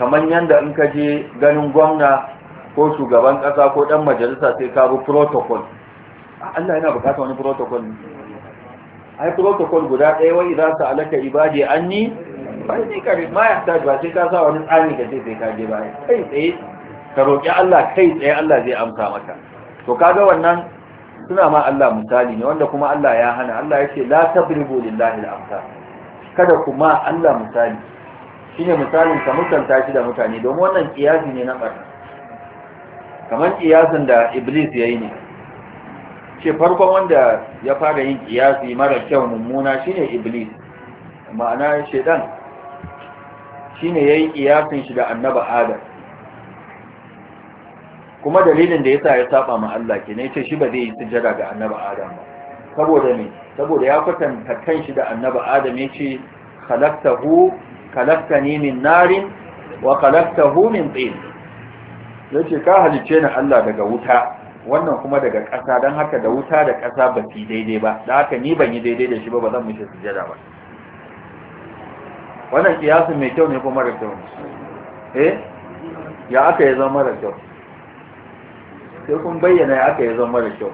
[SPEAKER 2] kamar yanda in ka je ganin gwamna ko shugaban ƙasa ko ɗan majalisa sai ka bi protocol Allah yana bukata wani protocol ne ai protocol guda ɗaya wai za su alaka ibadi anni bai ne kare ma ya ta ba sai ka sa wani tsani ka ce sai ka je baya kai tsaye ka roƙi Allah kai tsaye Allah zai amsa maka to kaga wannan suna ma Allah misali ne wanda kuma Allah ya hana Allah ya ce la tabribu lillahi al amsa.' kada kuma Allah misali shine misalin ka mutanta shi da mutane domin wannan kiyasi ne na barna kamar kiyasin da Iblis yayi ne ce farkon wanda ya fara yin kiyasi mara kyau mummuna shine Iblis ma'ana shedan shine yayi kiyasin shi da annabi Adam kuma dalilin da yasa ya saba ma Allah kenan yace shi ba zai yi sujjada ga annabi Adam ba saboda me saboda ya kwatanta kanshi da annabi Adam yace khalaqtahu khalaqtani min narin wa khalaqtahu min tin yace ka halice ni Allah daga wuta wannan kuma daga ƙasa don haka da wuta da ƙasa ba fi daidai ba da haka ni ban yi daidai da shi ba ba zan mishi sujjada ba wannan kiyasin mai kyau ne ko mara kyau eh ya aka ya zama mara kyau sai kun bayyana ya aka yi zama da kyau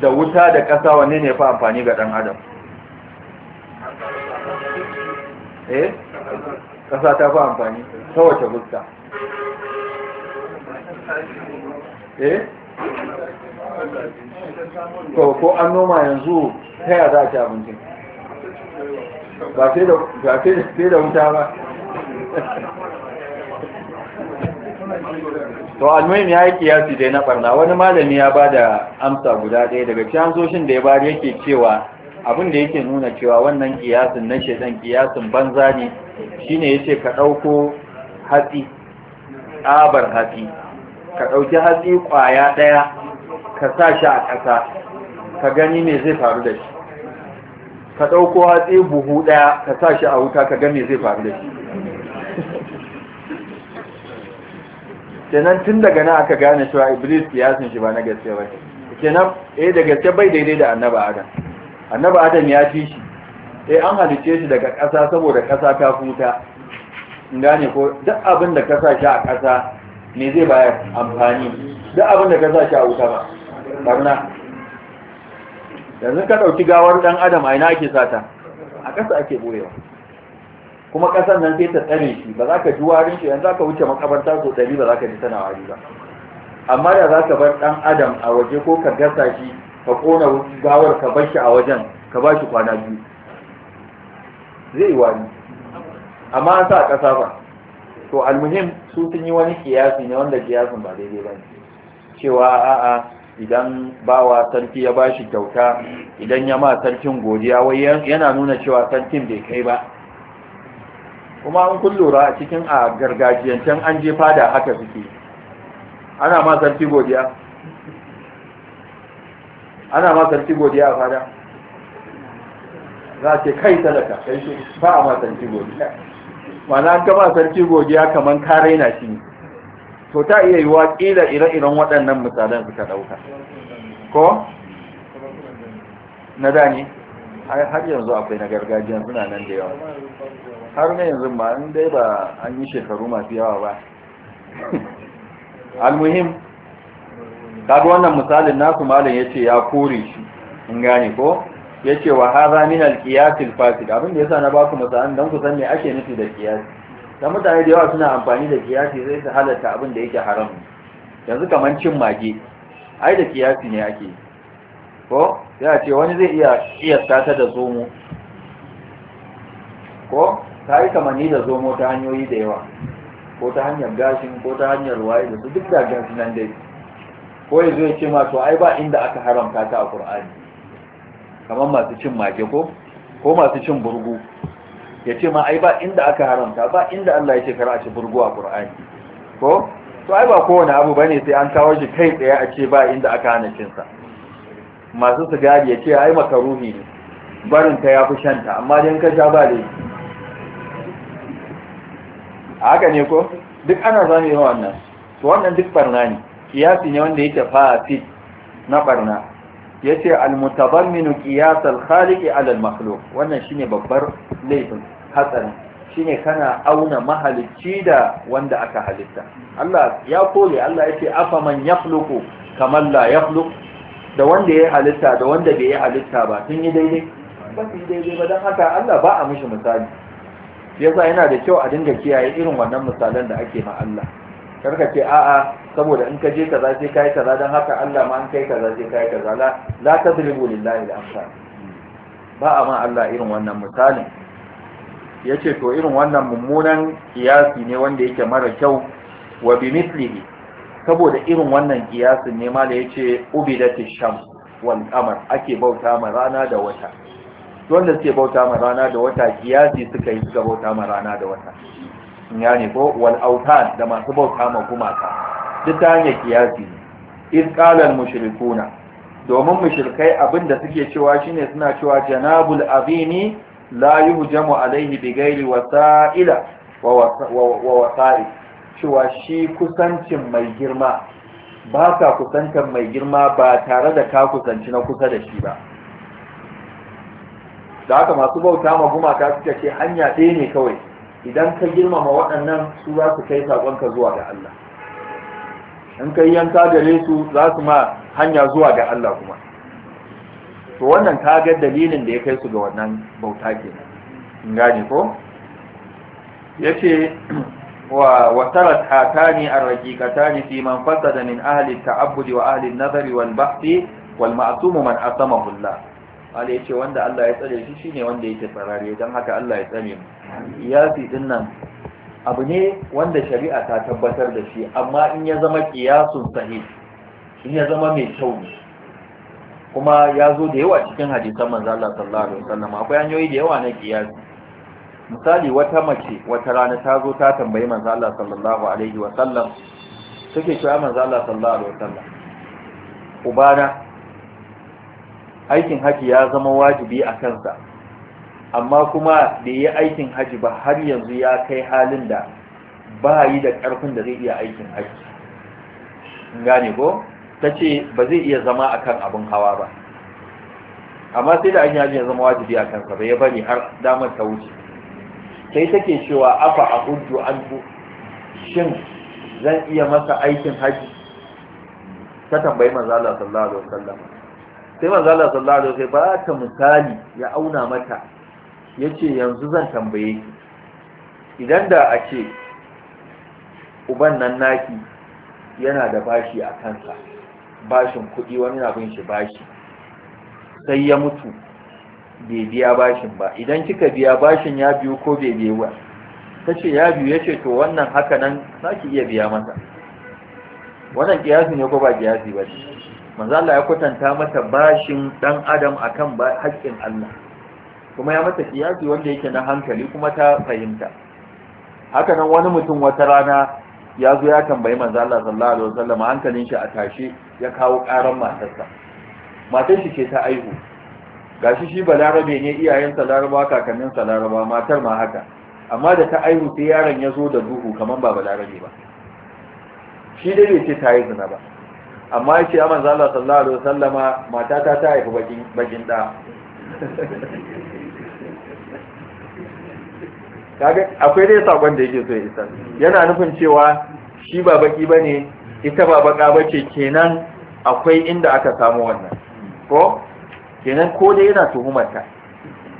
[SPEAKER 2] da wuta da ƙasa wanne ne fa amfani ga ɗan adam eh ƙasa ta fi amfani ta wace fuska
[SPEAKER 1] eh to ko an
[SPEAKER 2] noma yanzu ta yi za a ci abincin ba sai da wuta ba to almuhim ya yi kiyasi dai na barna wani malami ya ba da amsa guda ɗaya daga cikin da ya bari yake cewa abin da yake nuna cewa wannan kiyasin na shedan kiyasin banza ne shine yace ka ɗauko hatsi abar hatsi ka ɗauki hatsi ƙwaya ɗaya ka sa shi a ƙasa ka gani me zai faru da shi ka ɗauko hatsi buhu ɗaya ka sa shi a wuta ka ga me zai faru da shi kenan tun daga nan aka gane cewa iblis kiyasin shi ba na gaske ba kenan eh da gaske bai daidai da annabi adam annabi adam ya fi shi eh an halice shi daga ƙasa saboda ƙasa ta futa gane ko duk abin da ka sa shi a ƙasa ne zai bayar amfani duk abin da ka sa shi a wuta ba barna yanzu ka ɗauki gawar dan adam a ina ake sata a ƙasa ake ɓoyewa kuma ƙasar nan sai ta tsare shi ba za ka ji warin shi yanzu za ka wuce makabarta so ɗari ba za ka ji tana wari ba amma da za ka bar ɗan adam a waje ko ka gasa shi ka ƙona gawar ka bar shi a wajen ka ba shi kwana biyu zai wari amma an sa ƙasa ba to almuhim su sun yi wani kiyasi ne wanda kiyasin ba daidai ba cewa a'a idan bawa sarki ya ba shi kyauta idan ya ma sarkin godiya wai yana nuna cewa sarkin bai kai ba kuma an kun lura a cikin a gargajiyancen an je fada haka suke ana ma sarki godiya ana ma sarki godiya a fada za ce kai talaka kai shi ba a ma sarki godiya mana an gaba sarki godiya kamar kare na shi to ta iya yi yiwa da ire-iren waɗannan misalan suka ɗauka ko na da har yanzu akwai na gargajiya suna nan da yawa har na yanzu ba in dai ba an yi shekaru masu yawa ba almuhim kaga wannan misalin nasu malam yace ya kore shi in gane ko yace wa hadha min al-qiyas fasid abin da yasa na baku misalin dan ku san me ake nufi da qiyas dan mutane da yawa suna amfani da kiyasi sai su halatta abin da yake haram yanzu kamar cin mage ai da kiyasi ne ake ko ya ce wani zai iya iya tata da zomo ko ta yi kamani da zomo ta hanyoyi da yawa ko ta hanyar gashin ko ta hanyar waye da su duk da gashi nan dai ko ya zo ya ce ma to ai ba inda aka haramta ta a Qur'ani kamar masu cin mage ko ko masu cin burgu ya ce ma ai ba inda aka haramta ba inda Allah ya ce kar a ci burgu a Qur'ani ko to ai ba kowane abu bane sai an kawo shi kai tsaye a ce ba inda aka hana cin sa masu sigari ya ce ai makaruhi ne barin ta yafi shanta amma dan ka sha ba dai haka ne ko duk ana zami yawan wannan to wannan duk barna ne kiyasi ne wanda yake fafi na barna yace minu kiyasar khaliki alal makhlo wannan shine babbar laifin hatsarin ne kana auna mahalicci da wanda aka halitta Allah ya kole Allah ya ce afa man fluku kamar la fluku da wanda ya halitta da wanda bai halitta ba sun yi daidai ba su yi daidai ba don haka Allah ba a mishi misali yasa yana da kyau a dinga kiyaye irin wannan misalan da ake ma Allah karka ce a'a saboda in ka je ka kaza sai kai kaza dan haka Allah ma an kai kaza sai kai kaza la la tadribu lillahi al-amsal ba a ma Allah irin wannan misalin yace to irin wannan mummunan kiyasi ne wanda yake mara kyau wa bi saboda irin wannan kiyasin ne ma da yace ubidatish shams wal qamar ake bauta ma rana da wata wanda suke bauta ma rana da wata kiyasi suka yi suka bauta ma rana da wata ya ne ko wal da masu bauta ma gumaka duk ta hanyar kiyasi ne isqalan mushrikuna domin mushrikai abinda suke cewa shine suna cewa janabul azimi la yuhjamu alaihi bi ghairi wasa'ila wa wasa'i cewa shi kusancin mai girma ba ka kusantar mai girma ba tare da ka kusanci na kusa da shi ba da haka masu bauta ma gumaka suka ce hanya ɗaya ne kawai idan ka girmama waɗannan su za su kai saƙonka zuwa ga Allah in ka yi yanka gare su za su ma hanya zuwa ga Allah kuma to wannan ka ga dalilin da ya kai su ga wannan bauta ke in gane ko Ya ce, wa ne a watarat ta ne fi man da min ahli ta'abbudi wa ahli nazari wal bahthi wal ma'asumu man asama Allah Allah ya ce wanda Allah ya tsare shi shine wanda yake tsarare don haka Allah ya tsare mu kiyasi din nan abu ne wanda shari'a ta tabbatar da shi amma in ya zama kiyasun sahi. in ya zama mai kyau ne kuma ya zo da yawa cikin hadisan manzo Allah sallallahu alaihi wasallam akwai hanyoyi da yawa na kiyasi misali wata mace wata rana ta zo ta tambayi manzo Allah sallallahu alaihi wasallam take cewa manzo Allah sallallahu alaihi wasallam ubana aikin haji ya zama wajibi a kansa amma kuma da ya aikin haji ba har yanzu ya kai halin da ba yi da ƙarfin da zai iya aikin haji gane ko ta ce ba zai iya zama a kan abin hawa ba amma sai da aikin yi ya zama wajibi a kansa ba ya bari har damar ta wuce sai take cewa afa a hujju an shin zan iya masa aikin haji ta tambayi manzo Allah sallallahu alaihi wasallam sai manzo zala sallallahu alaihi wasallam ba ta misali ya auna mata yace yanzu zan tambaye ki idan da a ce uban nan naki yana da bashi a kansa bashin kuɗi wani na bin shi bashi sai ya mutu bai biya bashin ba idan kika biya bashin ya biyu ko bai biyu ba ta ce ya biyu ya ce to wannan haka nan za ki iya biya masa wannan kiyasi ne ko ba kiyasi ba ce manzala ya kwatanta mata bashin dan adam akan haƙƙin Allah kuma ya mata kiyasi wanda yake na hankali kuma ta fahimta haka nan wani mutum wata rana ya zo ya tambayi manzala sallallahu alaihi wasallam hankalin shi a tashe ya kawo ƙaran matarsa matar shi ce ta aihu gashi shi balarabe ne iyayensa laraba kakanninsa laraba matar ma haka amma da ta aihu sai yaron ya zo da duhu kamar ba balarabe ba shi dai bai ce ta yi zina ba amma ya ce ya manzan Allah sallallahu alaihi wasallama matata ta haifi bakin ɗa da kaga akwai dai saƙon da yake so ya isa yana nufin cewa shi ba baki bane ita ba baka bace kenan akwai inda aka samu wannan ko kenan ko dai yana tuhumarta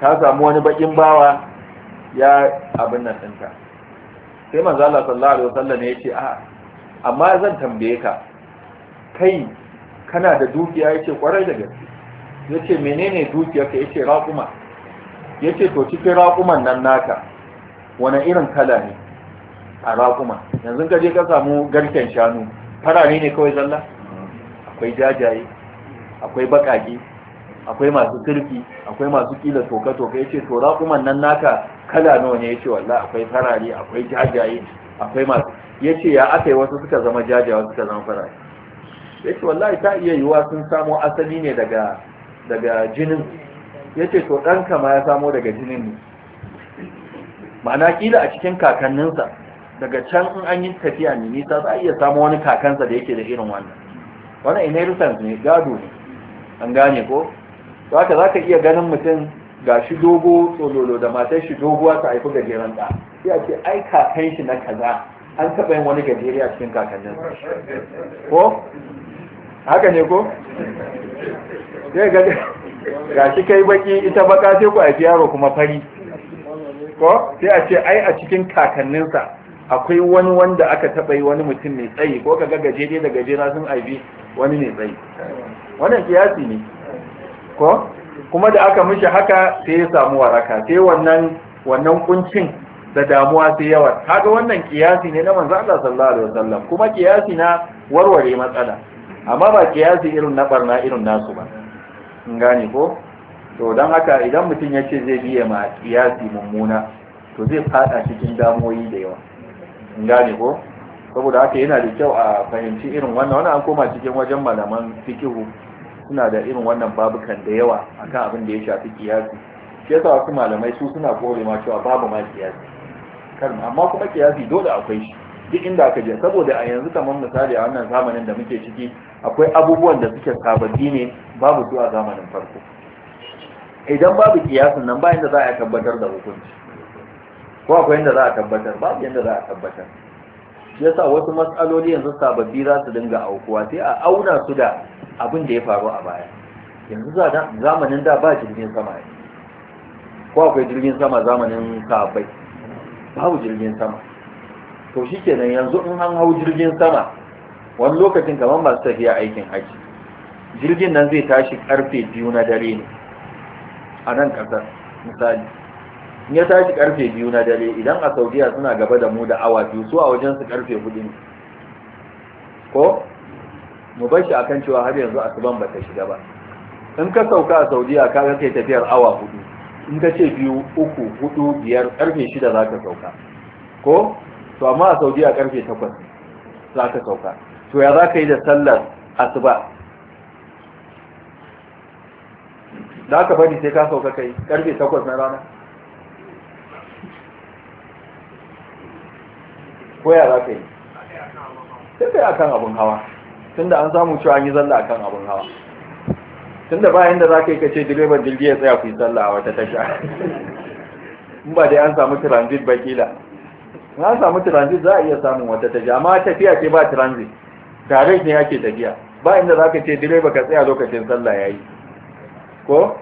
[SPEAKER 2] ta samu wani bakin bawa ya abin nan ɗinta sai manzan Allah sallallahu alaihi wasallam ya ce a amma zan tambaye ka kai kana da dukiya ce kwarai da gaske yace menene dukiya ce raƙuma. raquma yace to cikin raquman nan naka wani irin kala ne a raquma yanzu ka je ka samu garken shanu farare ne kawai zalla akwai jajaye akwai bakaki akwai masu turfi akwai masu kila toka-toka ya ce to raƙuman nan naka kala nawa ne ya ce walla akwai farare akwai jajaye akwai masu ya ce ya aka yi wasu suka zama jajaye wasu suka zama farare yake wallahi ta iya yiwuwa sun samo asali ne daga daga jinin ce to ɗanka ma ya samo daga jinin ne ma'ana kila a cikin kakanninsa daga can in an yi tafiya ne nisa za a iya samo wani kakansa da yake da irin wannan wannan inheritance ne gado ne an gane ko haka za ka iya ganin mutum ga shi dogo tsololo da matar shi doguwa ta haifi da ɗa sai a ce ai kakan shi na kaza an taɓa yin wani gajeriya a cikin kakannin ko haka ne ko ga shi kai baki ita baka sai ku aiki yaro kuma fari ko sai a ce ai a cikin kakanninsa akwai wani wanda aka taɓa yi wani mutum mai tsayi ko kaga gajere da gajera sun aibi wani mai tsayi wannan kiyasi ne ko kuma da aka mishi haka sai ya samu waraka sai wannan wannan kuncin da damuwa sai yawa kaga wannan kiyasi ne na manzo Allah sallallahu alaihi wasallam kuma kiyasi na warware matsala amma ba kiyasi irin na barna irin nasu ba in gane ko to dan haka idan mutum ya ce zai biya ma kiyasi mummuna to zai fada cikin damoyi da yawa in gane ko saboda haka yana da kyau a fahimci irin wannan wannan an koma cikin wajen malaman fikihu suna da irin wannan babukan da yawa akan abin da ya shafi kiyasi shi yasa wasu malamai su suna kore ma cewa babu ma kiyasi karni amma kuma kiyasi dole akwai shi duk inda aka je saboda a yanzu kamar misali a wannan zamanin da muke ciki akwai abubuwan da suke sababbi ne babu su a zamanin farko idan babu kiyasin nan ba yanda za a tabbatar da hukunci ko akwai yadda za a tabbatar babu yanda za a tabbatar shi yasa wasu matsaloli yanzu sababbi za su dinga aukuwa sai a auna su da abin da ya faru a baya yanzu zamanin da ba jirgin sama ne ko akwai jirgin sama zamanin sahabbai hau jirgin sama to shi kenan yanzu in an hau jirgin sama wani lokacin kamar masu tafiya aikin haji jirgin nan zai tashi karfe biyu na dare ne a nan kasar misali in ya tashi karfe biyu na dare idan a saudiya suna gaba da mu da awa biyu su a wajen su karfe hudu ne ko mu bar shi akan cewa har yanzu asuban ba ta shiga ba in ka sauka a saudiya ka ga kai tafiyar awa hudu in ka ce biyu uku hudu biyar karfe shida za ka sauka ko to amma a a karfe takwas za ka sauka to ya za ka yi da sallar asuba za ka bari sai ka sauka kai karfe takwas na rana ko ya za ka yi sai kai akan abin hawa tunda an samu cewa an yi zalla akan abin hawa tunda bayan da za ka yi kace direban jirgi ya tsaya ku yi sallah a wata tasha in ba dai an samu transit ba kila in an samu transit za a iya samun wata tasha amma tafiya ce ba transit tare ne ake tafiya ba inda za ka ce direba ka tsaya lokacin sallah ya yi ko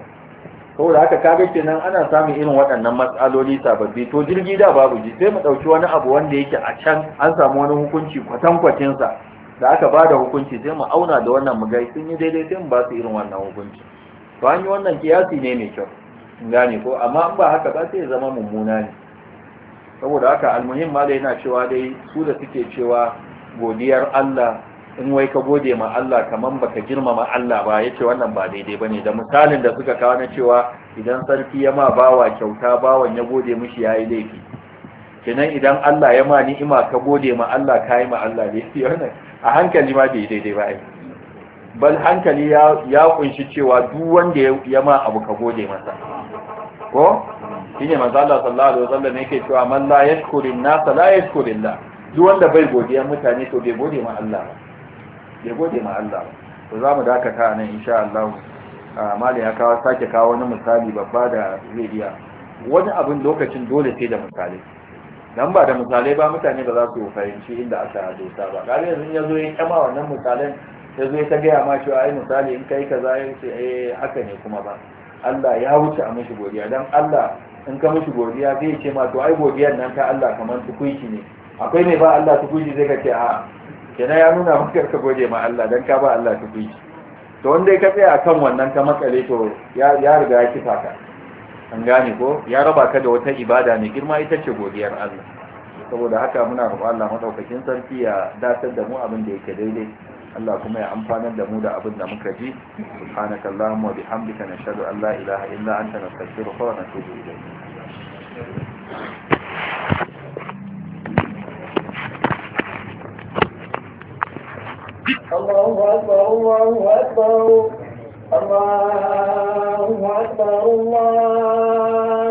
[SPEAKER 2] saboda haka kaga kenan ana samun irin waɗannan matsaloli sababbi to jirgi da babu ji sai mu ɗauki wani abu wanda yake a can an samu wani hukunci kwatankwacinsa da aka ba da hukunci sai mu auna da wannan mu gai sun yi daidai sai mu ba su irin wannan hukunci to an yi wannan kiyasi ne mai kyau gane ko amma in ba haka ba sai ya zama mummuna ne saboda haka almuhim ma da yana cewa dai su da suke cewa godiyar Allah in wai ka gode ma Allah kaman baka girmama Allah ba yace wannan ba daidai bane da misalin da suka kawo na cewa idan sarki ya ma bawa kyauta bawan ya gode mishi yayi laifi kenan idan Allah ya ma ni'ima ka gode ma Allah kai ma Allah laifi wannan a hankali ma bai daidai ba ai bal hankali ya kunshi cewa duk wanda ya ma abu ka gode masa ko shine manzo Allah sallallahu alaihi wasallam yake cewa man la yashkuru an-nas la yashkuru Allah duk wanda bai godiya mutane to bai gode ma Allah bai gode ma Allah to zamu dakata nan insha Allah mali ya kawo sake kawo wani misali babba da zai biya wani abin lokacin dole sai da misali Nan ba da misalai ba mutane ba za su fahimci inda aka dosa ba kare yanzu ya zo ya kama wannan misalan ya zo ta gaya ma cewa ai misali in kai kaza ya ce eh haka ne kuma ba Allah ya wuce a mishi godiya dan Allah in ka mishi godiya zai ce ma to ai godiyar nan ta Allah kamar tukuici ne akwai ne ba Allah tukuici zai ka ce a kenan ya nuna maka ka gode ma Allah dan ka ba Allah tukuici to wanda ka tsaya akan wannan ka makale to ya riga ya kifa ka an gane ko ya raba ka da wata ibada mai girma ita ce godiyar Allah saboda haka muna roƙon Allah madaukakin sarki ya datar da mu abin da yake daidai Allah kuma ya amfanar da mu da abin da muka ji subhanaka allahumma bihamdika nashhadu an la ilaha illa anta nastaghfiruka wa natubu ilayk
[SPEAKER 1] الله أكبر الله أكبر الله أكبر الله